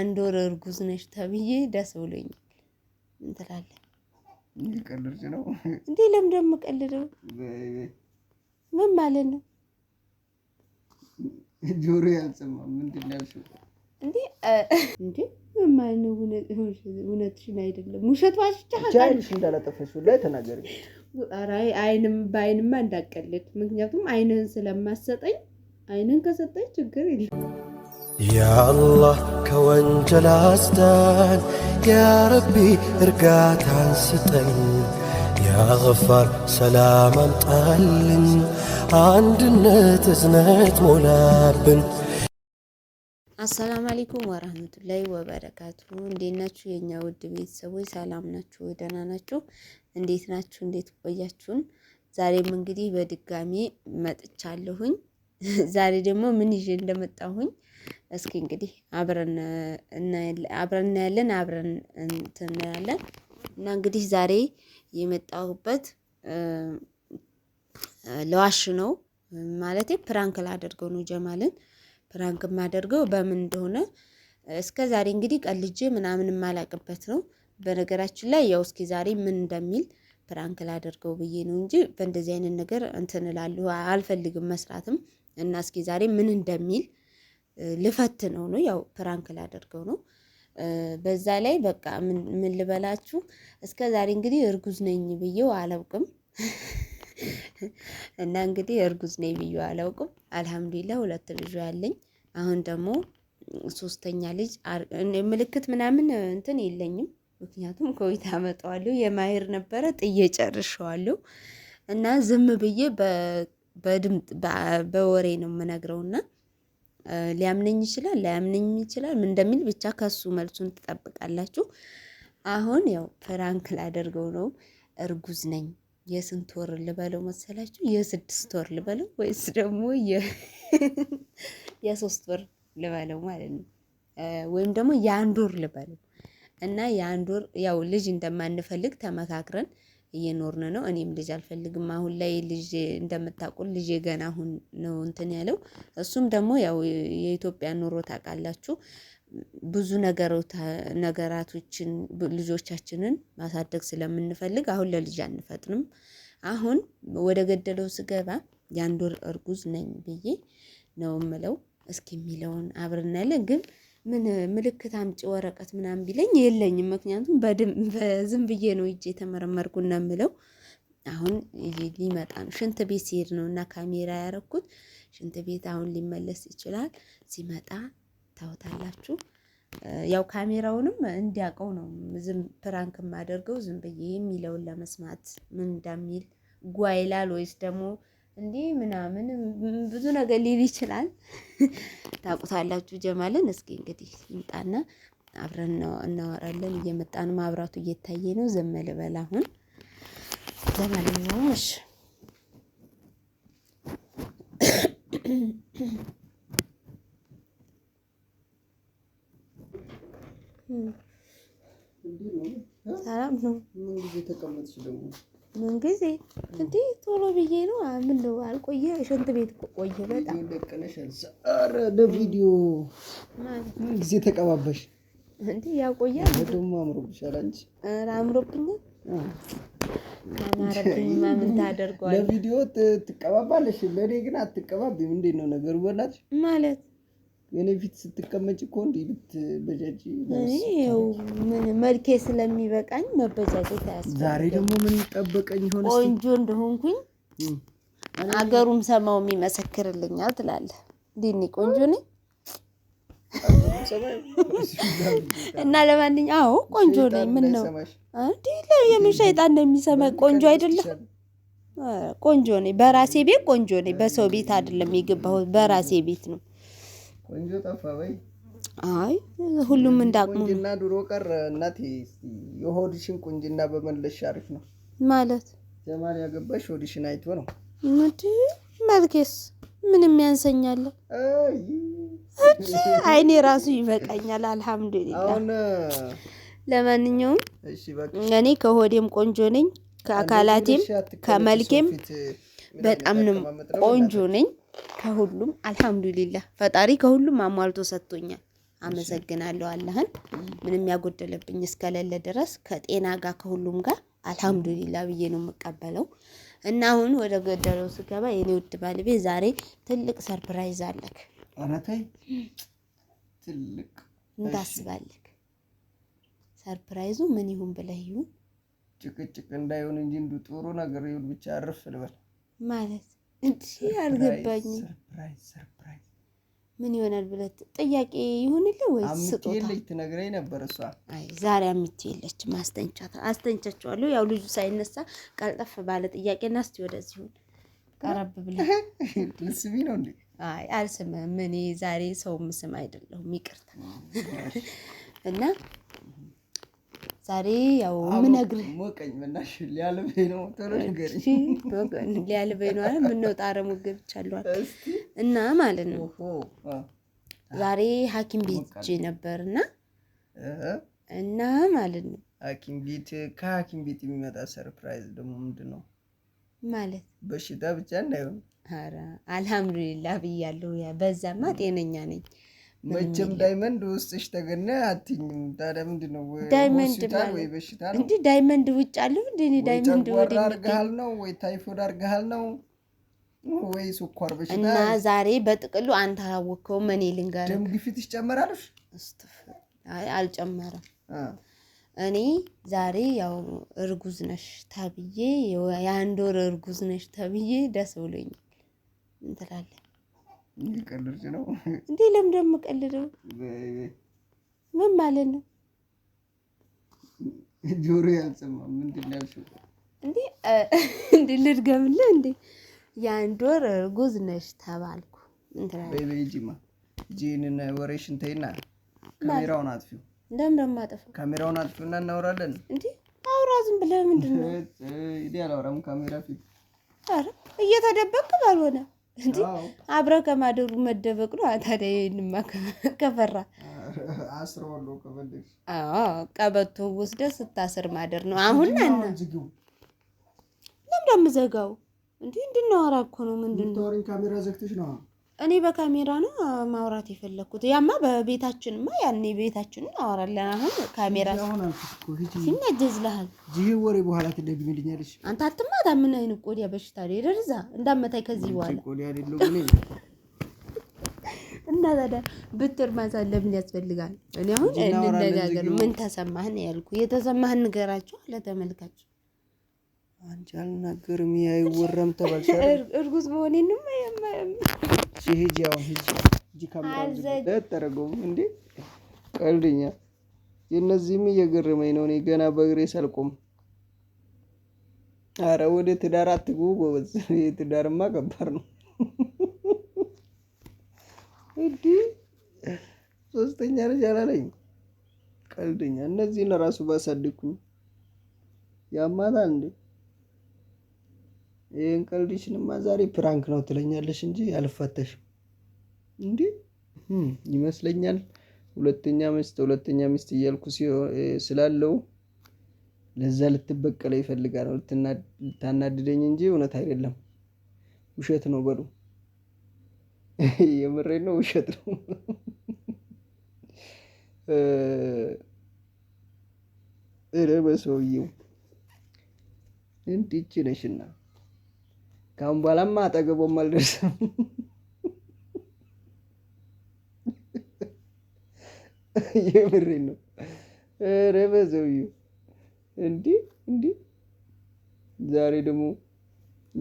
አንድ ወር እርጉዝ ነሽ ተብዬ ደስ ብሎኛል። ነው እንዴ? ለምን ደግሞ ቀልደው? ምን ማለት ነው? ጆሮ ያልሰማ ምንድን ነው ያልሽው? እንዴ እንዴ ምን ማለት ነው? እውነትሽን አይደለም ውሸት ዋሽቻ አይንሽ እንዳላጠፈሽ ላይ ተናገሪ። አይንም በአይንማ እንዳቀልድ ምክንያቱም አይንህን ስለማሰጠኝ አይንን ከሰጠኝ ችግር የለም። ያአላህ ከወንጀል አስዳን፣ ያረቢ እርጋታን ስጠን፣ ያገፋር ሰላም አምጣልን፣ አንድነት እዝነት ሞላብን። አሰላም አለይኩም ወራህመቱላሂ ወበረካቱ። እንዴት ናችሁ የእኛ ውድ ቤተሰቦች? ሰላም ናችሁ? ደህና ናችሁ? እንዴት ናችሁ? እንዴት ቆያችሁን? ዛሬም እንግዲህ በድጋሜ መጥቻለሁኝ። ዛሬ ደግሞ ምን ይዤ እንደመጣሁኝ እስኪ እንግዲህ አብረን እናያለን፣ አብረን እንትን እናያለን። እና እንግዲህ ዛሬ የመጣሁበት ለዋሽ ነው ማለት ፕራንክ ላደርገው ነው ጀማልን ፕራንክ የማደርገው በምን እንደሆነ እስከ ዛሬ እንግዲህ ቀልጄ ምናምን የማላቅበት ነው። በነገራችን ላይ ያው እስኪ ዛሬ ምን እንደሚል ፕራንክ ላደርገው ብዬ ነው እንጂ በእንደዚህ አይነት ነገር እንትን እላለሁ አልፈልግም መስራትም እና እስኪ ዛሬ ምን እንደሚል ልፈት ነው ነው ያው ፕራንክ ላደርገው ነው። በዛ ላይ በቃ ምን ልበላችሁ፣ እስከ ዛሬ እንግዲህ እርጉዝ ነኝ ብዬው አላውቅም እና እንግዲህ እርጉዝ ነኝ ብዬው አላውቅም። አልሐምዱሊላህ ሁለት ልጅ ያለኝ አሁን ደግሞ ሶስተኛ ልጅ ምልክት ምናምን እንትን የለኝም። ምክንያቱም ኮቪድ አመጣዋለሁ የማሄር ነበረ ጥዬ ጨርሸዋለሁ እና ዝም ብዬ በድምጥ በወሬ ነው የምነግረውና ሊያምነኝ ይችላል፣ ላያምነኝ ይችላል። እንደሚል ብቻ ከሱ መልሱን ትጠብቃላችሁ። አሁን ያው ፍራንክ ላደርገው ነው። እርጉዝ ነኝ። የስንት ወር ልበለው መሰላችሁ? የስድስት ወር ልበለው ወይስ ደግሞ የሶስት ወር ልበለው ማለት ነው። ወይም ደግሞ የአንድ ወር ልበለው እና የአንድ ወር ያው ልጅ እንደማንፈልግ ተመካክረን እየኖርን ነው። እኔም ልጅ አልፈልግም። አሁን ላይ ልጅ እንደምታውቁን ልጅ ገና አሁን ነው እንትን ያለው። እሱም ደግሞ ያው የኢትዮጵያ ኑሮ ታውቃላችሁ። ብዙ ነገራቶችን ልጆቻችንን ማሳደግ ስለምንፈልግ አሁን ለልጅ አንፈጥንም። አሁን ወደ ገደለው ስገባ የአንድ ወር እርጉዝ ነኝ ብዬ ነው የምለው። እስኪ የሚለውን አብረን እናያለን ግን ምን ምልክት አምጪ ወረቀት ምናምን ቢለኝ የለኝም። ምክንያቱም በዝም ብዬ ነው እጄ የተመረመርኩ እና ምለው አሁን ሊመጣ ነው። ሽንት ቤት ሲሄድ ነው እና ካሜራ ያረኩት ሽንት ቤት አሁን ሊመለስ ይችላል። ሲመጣ ታውታላችሁ። ያው ካሜራውንም እንዲያውቀው ነው ዝም ፕራንክ የማደርገው ዝም ብዬ የሚለውን ለመስማት ምን እንደሚል ጓይላል ወይስ ደግሞ እንዲህ ምናምን ብዙ ነገር ሊል ይችላል። ታውቁታላችሁ ጀማልን። እስኪ እንግዲህ ይምጣና አብረን እናወራለን። እየመጣን ማብራቱ እየታየ ነው። ዘም ልበል አሁን ዘመን ነው። እሺ ሰላም ነው። ምን ጊዜ እንዴ ቶሎ ብዬ ነው። ምን ነው አልቆየ፣ ሽንት ቤት ቆየ። በጣም ኧረ ለቪዲዮ ምን ጊዜ ተቀባበሽ እንዴ? ያቆያል ደግሞ አምሮብሻል። አንቺ ኧረ አምሮብኛል። ከማረብኝማ ምን ታደርገዋለህ? ለቪዲዮ ትቀባባለሽ፣ ለእኔ ግን አትቀባብም። እንዴት ነው ነገሩ? በእናትሽ ማለት የኔ ፊት ስትቀመጭ እኮ እንዲህ ብትበጃጅ ይኸው መልኬ ስለሚበቃኝ መበጃጀት አያስፈልግም። ዛሬ ደግሞ ምን ጠበቀኝ? ሆነ ቆንጆ እንደሆንኩኝ አገሩም ሰማው የሚመሰክርልኛል ትላለህ። ዲኒ ቆንጆ ነኝ እና ለማንኛውም አዎ ቆንጆ ነኝ። ምን ነው እንዲ የምን ሸይጣን ነው የሚሰማ? ቆንጆ አይደለም ቆንጆ ነኝ። በራሴ ቤት ቆንጆ ነኝ። በሰው ቤት አይደለም የገባሁት፣ በራሴ ቤት ነው ቆንጆ ጠፋ ወይ? አይ ሁሉም እንዳቅሙ ቁንጅና ድሮ ቀረ። እናቴ የሆድሽን ቁንጅና በመለሽ አሪፍ ነው ማለት ጀማል ያገባሽ ሆድሽን አይቶ ነው እንዴ? መልኬስ ምንም ያንሰኛል። አይኔ ራሱ ይበቃኛል። አልሐምዱሊላህ። ለማንኛውም እኔ ከሆዴም ቆንጆ ነኝ፣ ከአካላቴም ከመልኬም በጣም ነው ቆንጆ ነኝ። ከሁሉም አልሐምዱሊላህ ፈጣሪ ከሁሉም አሟልቶ ሰጥቶኛል። አመሰግናለሁ አላህን ምንም ያጎደለብኝ እስከሌለ ድረስ ከጤና ጋር ከሁሉም ጋር አልሐምዱሊላ ብዬ ነው የምቀበለው። እና አሁን ወደ ገደለው ስገባ የኔ ውድ ባለቤ ዛሬ ትልቅ ሰርፕራይዝ አለክ። ኧረ ትልቅ እንዳስባለክ። ሰርፕራይዙ ምን ይሁን ብለህ ይሁን ጭቅጭቅ እንዳይሆን እንጂ እንዱ ጥሩ ነገር ይሁን ብቻ አርፍ ልበል ማለት እንዲህ አልገባኝም። ምን ይሆናል ብለት ጥያቄ ይሁንልህ ወይ ስጦታ ትነግረኝ ነበር እሷ። አይ ዛሬ አምቼ የለችም። ማስተንቻት አስተንቻቸዋለሁ። ያው ልጁ ሳይነሳ ቀልጠፍ ባለ ጥያቄና እስቲ ወደዚሁ ቀረብ ብለህ ልስቢ ነው እንዴ? አይ አልስምም። እኔ ዛሬ ሰው ምስም አይደለሁም ይቅርታ እና ዛሬ ያው ምነግርህ ሞቀኝ መናሽ ሊያልበኝ ነው ቶሎ ንገሪኝ ሊያልበኝ ነው ምነው ጣረ ሞገብቻለዋል እና ማለት ነው ዛሬ ሀኪም ቤት ሂጅ ነበር እና እና ማለት ነው ሀኪም ቤት ከሀኪም ቤት የሚመጣ ሰርፕራይዝ ደግሞ ምንድን ነው ማለት በሽታ ብቻ እንዳይሆን አልሐምዱሊላህ ብያለሁ በዛማ ጤነኛ ነኝ መቼም ዳይመንድ ውስጥሽ ተገነ አትኝም። ታዲያ ምንድን ነው ዳይመንድ ወይ በሽታ ነው እንዲህ ዳይመንድ ውጭ አለ እንደ እኔ ዳይመንድ ወደ አርገሃል ነው ወይ ታይፎድ አርገሃል ነው ወይ ስኳር በሽታ እና ዛሬ በጥቅሉ አንተ አላወቅኸውም። እኔ ልንገርህ፣ ደም ግፊትሽ ጨመራለሽ? አይ አልጨመረም። እኔ ዛሬ ያው እርጉዝ ነሽ ተብዬ የአንድ ወር እርጉዝ ነሽ ተብዬ ደስ ብሎኝ እንትላለን እየቀለድሽ ነው እንዴ? ለምን ደግሞ የምቀልደው? ምን ማለት ነው? ጆሮ ያልሰማም ምንድን ነው ያልሽው? እንዴ እንዴ ልድገምልህ። እንዴ የአንድ ወር እርጉዝ ነሽ ተባልኩ። ጂማ ጂንና ወሬሽን ተይና፣ ካሜራውን አጥፊው። ለምን ደግሞ አጠፋው? ካሜራውን አጥፊው እና እናወራለን። እንዴ አውራ ዝም ብለህ ምንድን ነው? አላወራም ካሜራ ፊት። አረ እየተደበቅክ ባልሆነ እንዲ አብረ ከማደሩ መደበቅ ነው። ታዲያ ይህንማ ከፈራ ቀበቶ ወስደ ስታስር ማደር ነው። አሁን ና ለምዳምዘጋው እንዲህ እንድናወራ እኮ ነው። ምንድን ነው ካሜራ ዘግተሽ ነው እኔ በካሜራ ነው ማውራት የፈለግኩት። ያማ በቤታችንማ ያኔ ቤታችንን አወራለን። አሁን ካሜራ ሲናጀዝልሃል። ይህ ወሬ በኋላ ትደግሚልኛለሽ። አንተ አትማ ታምን አይነት ቆዲያ በሽታ ደርዛ እንዳመታይ ከዚህ በኋላ እና ታዲያ ብትር ማሳለፍ ያስፈልጋል። እኔ አሁን እንነጋገር። ምን ተሰማህን ያልኩ የተሰማህን ንገራቸው ለተመልካች አንቺ አልናገርም። ያይወረም ተባልሻል። እርጉዝ መሆኔንም ሂጂ ሂጂ አሁን ሂጂ ሂጂ እንዴ ቀልድኛ የእነዚህም እየገረመኝ ነው። እኔ ገና በእግሬ ሳልቆም አረ ወደ ትዳር አትግቡ ትዳርማ ከባድ ነው። ሶስተኛ ልጅ አላለኝ እነዚህን ራሱ ባሳድግኩኝ ያማታል እንዴ? ይሄን ቀልድሽንማ ዛሬ ፕራንክ ነው ትለኛለሽ እንጂ አልፈተሽም እንዴ ይመስለኛል። ሁለተኛ ሚስት ሁለተኛ ሚስት እያልኩ ስላለው ለዛ ልትበቀለ ይፈልጋል ልታናድደኝ እንጂ እውነት አይደለም። ውሸት ነው በሉ። የምሬ ነው፣ ውሸት ነው። ኧረ በሰውዬው እንዲች ነሽና ካሁን በኋላማ አጠገቦም አልደርስም። የምሬ ነው። ኧረ በሰውዬው እንዲህ እንዲህ ዛሬ ደግሞ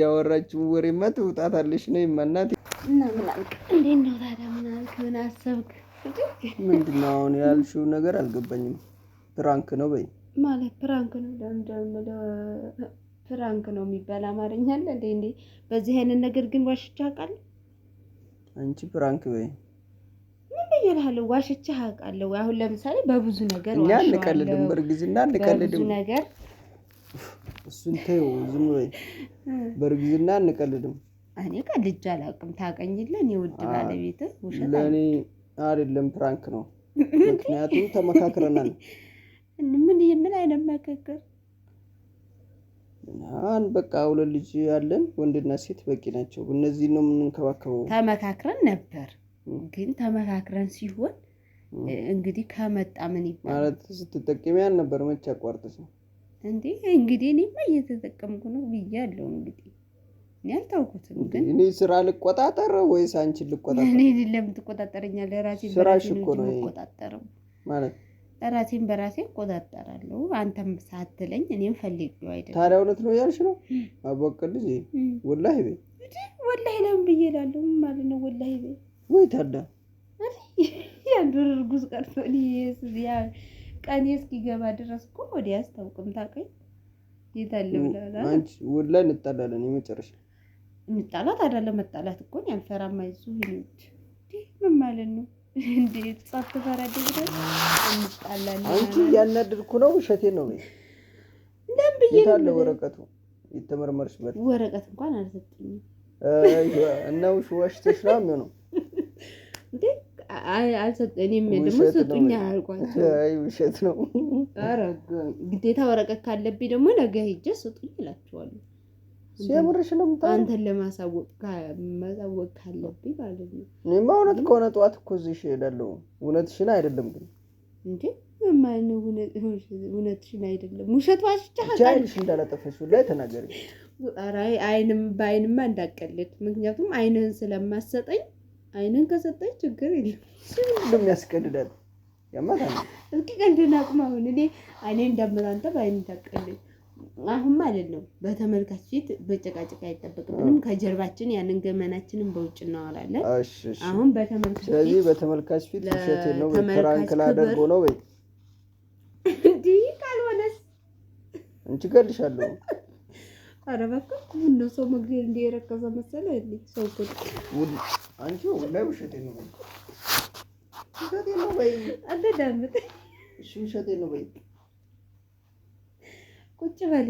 ያወራችው ወሬማ ትውጣታለሽ ነው የማናት እና ነው ታዲያ? ምን አልክ? ምን አሰብክ? ምንድን ነው አሁን ያልሽው ነገር አልገባኝም። ፕራንክ ነው በይ ማለት ፕራንክ ነው ለምደ ፕራንክ ነው የሚባል አማርኛ አለ እንዴ? እንዴ! በዚህ አይነት ነገር ግን ዋሽቼ አውቃለሁ። አንቺ ፕራንክ ወይ ምን ብየልሃለሁ? ዋሽቼ አውቃለሁ። አሁን ለምሳሌ በብዙ ነገር እኛ አንቀልድም፣ በእርግዝና አንቀልድም። ብዙ ነገር እሱን ተይው፣ ዝም በይ። በእርግዝና አንቀልድም። እኔ ቀልጄ አላውቅም። ታውቀኝለን የውድ ባለቤት ውሸት ለእኔ አይደለም፣ ፕራንክ ነው። ምክንያቱም ተመካክረናል። ምን ምን አይነት መካከር አን በቃ ሁለት ልጅ ያለን ወንድና ሴት በቂ ናቸው። እነዚህ ነው የምንንከባከበው። ተመካክረን ነበር ግን ተመካክረን ሲሆን እንግዲህ ከመጣ ምን ማለት ስትጠቀሚ አልነበር መቼ አቋርጥሽ ነው እንዲ እንግዲህ እኔማ እየተጠቀምኩ ነው ብያለሁ። እንግዲህ እኔ አልታውኩትም። ግን እኔ ስራ ልቆጣጠር ወይስ አንቺን ልቆጣጠር? እኔ ለምትቆጣጠረኛ ለራሴ ራሴ ስራሽ እኮ ነው ማለት ራሴን በራሴ እቆጣጠራለሁ። አንተም ሳትለኝ እኔም ፈልጌው አይደለም። ታዲያ እውነት ነው ያልሽ ነው አቦቅልሽ ወላሂ በይ ወላሂ ለምን ብዬ እላለሁ ማለት ነው። ወላሂ በይ ወይ ታዲያ የአንድ ወር እርጉዝ ቀርቶ ቀኔ እስኪገባ ድረስ እኮ ወዲያ አስታውቅም ታውቀኝ የታለው አንቺ ወላ እንጣላለን። የመጨረሻ እንጣላት አይደለም መጣላት እኮ አልፈራም። አይዞህ ምን ማለት ነው? እንዴት ጻፍ ተፈረደኝ ብለን እንጣላለን። አንቺ እያናደድኩ ነው። ውሸቴን ነው ወይ? ለምን ብዬሽ ነው ወረቀቱ የተመረመርሽ መር ወረቀት እንኳን አልሰጠኝም። አይዋ እና ውሽ ዋሽ ተሽራም ነው እንዴ? አልሰጠኝም። ደግሞ ሰጡኝ አልኳቸው። አይ ውሸት ነው። ኧረ ግዴታ ወረቀት ካለብኝ ደግሞ ነገ ሂጅ ስጡኝ እላቸዋለሁ። አንተን ለማሳወቅ ማሳወቅ ካለብኝ ማለት ነው። እኔማ እውነት ከሆነ ጠዋት እኮ እዚህ እሄዳለሁ። እውነትሽን አይደለም ግን እንዴ እውነትሽን አይደለም ውሸት ዋሽቻልሽ እንዳላጠፈሽ ላይ አይንም በአይንማ እንዳቀልድ ምክንያቱም አይንህን ስለማሰጠኝ አይንን ከሰጠኝ ችግር የለም። ሁሉም ያስቀልዳል። ያማታ እስኪ ቀልድን አቁም። አሁን እኔ አይኔ እንደምላንተ በአይን እንዳቀልድ አሁን ማለት ነው በተመልካች ፊት በጨቃጨቃ አይጠበቅብንም። ከጀርባችን ያንን ገመናችንን በውጭ እናወራለን። አሁን በተመልካች ስለዚህ በተመልካች ፊት ውሸት ነው ፕራንክ ላደርጎ ነው ወይ እንዲህ ካልሆነስ እንቺ እገልሻለሁ። ኧረ በቃ ምነው ሰው መግደል እንዲህ የረከሰ መሰለ ሰው አንቺ ላይ ውሸቴ ነው ውሸቴ ነው በይ አዳምጥ ውሸቴ ነው በይ ቁጭ በል